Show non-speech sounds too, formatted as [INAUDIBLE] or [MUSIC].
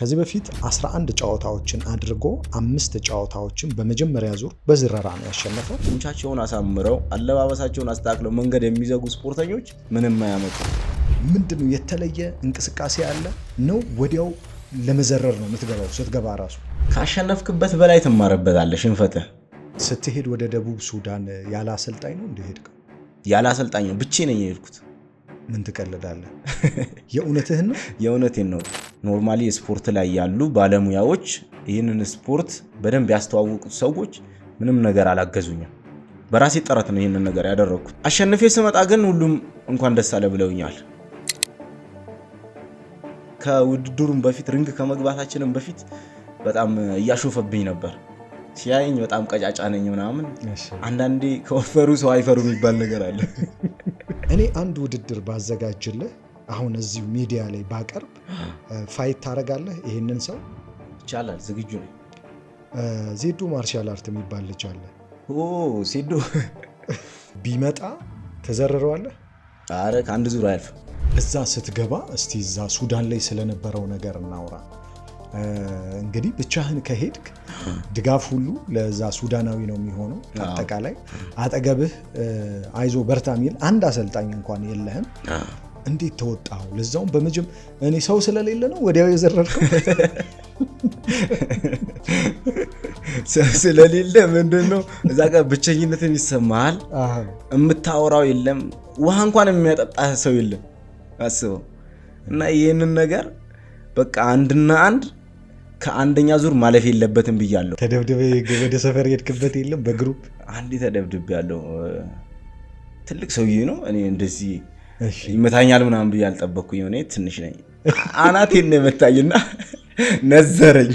ከዚህ በፊት 11 ጨዋታዎችን አድርጎ አምስት ጨዋታዎችን በመጀመሪያ ዙር በዝረራ ነው ያሸነፈው። ጡንቻቸውን አሳምረው አለባበሳቸውን አስተካክለው መንገድ የሚዘጉ ስፖርተኞች ምንም አያመጡ። ምንድነው የተለየ እንቅስቃሴ ያለ ነው? ወዲያው ለመዘረር ነው የምትገባው። ስትገባ ራሱ ካሸነፍክበት በላይ ትማረበታለህ። ሽንፈትህ ስትሄድ ወደ ደቡብ ሱዳን ያለ አሰልጣኝ ነው እንደሄድከው? ያለ አሰልጣኝ ነው፣ ብቼ ነኝ የሄድኩት። ምን ትቀልዳለህ? የእውነትህን ነው? የእውነቴን ነው። ኖርማሊ ስፖርት ላይ ያሉ ባለሙያዎች ይህንን ስፖርት በደንብ ያስተዋወቁት ሰዎች ምንም ነገር አላገዙኝም። በራሴ ጥረት ነው ይህንን ነገር ያደረግኩት። አሸንፌ ስመጣ ግን ሁሉም እንኳን ደስ አለ ብለውኛል። ከውድድሩም በፊት ሪንግ ከመግባታችንም በፊት በጣም እያሾፈብኝ ነበር። ሲያየኝ በጣም ቀጫጫ ነኝ ምናምን። አንዳንዴ ከወፈሩ ሰው አይፈሩ የሚባል ነገር አለ። እኔ አንድ ውድድር ባዘጋጅልህ አሁን እዚሁ ሚዲያ ላይ ባቀርብ [GASPS] ፋይት ታደርጋለህ? ይህንን ሰው ይቻላል። ዝግጁ ነው። ዜዱ ማርሻል አርት የሚባል ልጅ አለ። ሲዱ [LAUGHS] ቢመጣ ተዘርረዋለህ? አረ ከአንድ ዙር አያልፍ። እዛ ስትገባ እስቲ እዛ ሱዳን ላይ ስለነበረው ነገር እናውራ። እንግዲህ ብቻህን ከሄድክ ድጋፍ ሁሉ ለዛ ሱዳናዊ ነው የሚሆነው። አጠቃላይ አጠገብህ አይዞ በርታ የሚል አንድ አሰልጣኝ እንኳን የለህም። እንዴት ተወጣው? ለዛውም በመጀም እኔ ሰው ስለሌለ ነው ወዲያው የዘረርኩ ሰው ስለሌለ ምንድን ነው እዛ ጋር ብቸኝነትን ይሰማሃል። የምታወራው የለም፣ ውሃ እንኳን የሚያጠጣ ሰው የለም። አስበው እና ይህንን ነገር በቃ አንድና አንድ ከአንደኛ ዙር ማለፍ የለበትም ብያለሁ። ተደብድበ ወደ ሰፈር የሄድክበት የለም? በግሩፕ አንዴ ተደብድብ ያለው ትልቅ ሰውዬ ነው። እኔ እንደዚህ ይመታኛል ምናምን ብዬ አልጠበቅኩኝ። ሆነ ትንሽ ነኝ፣ አናቴን ነው የመታኝና ነዘረኝ።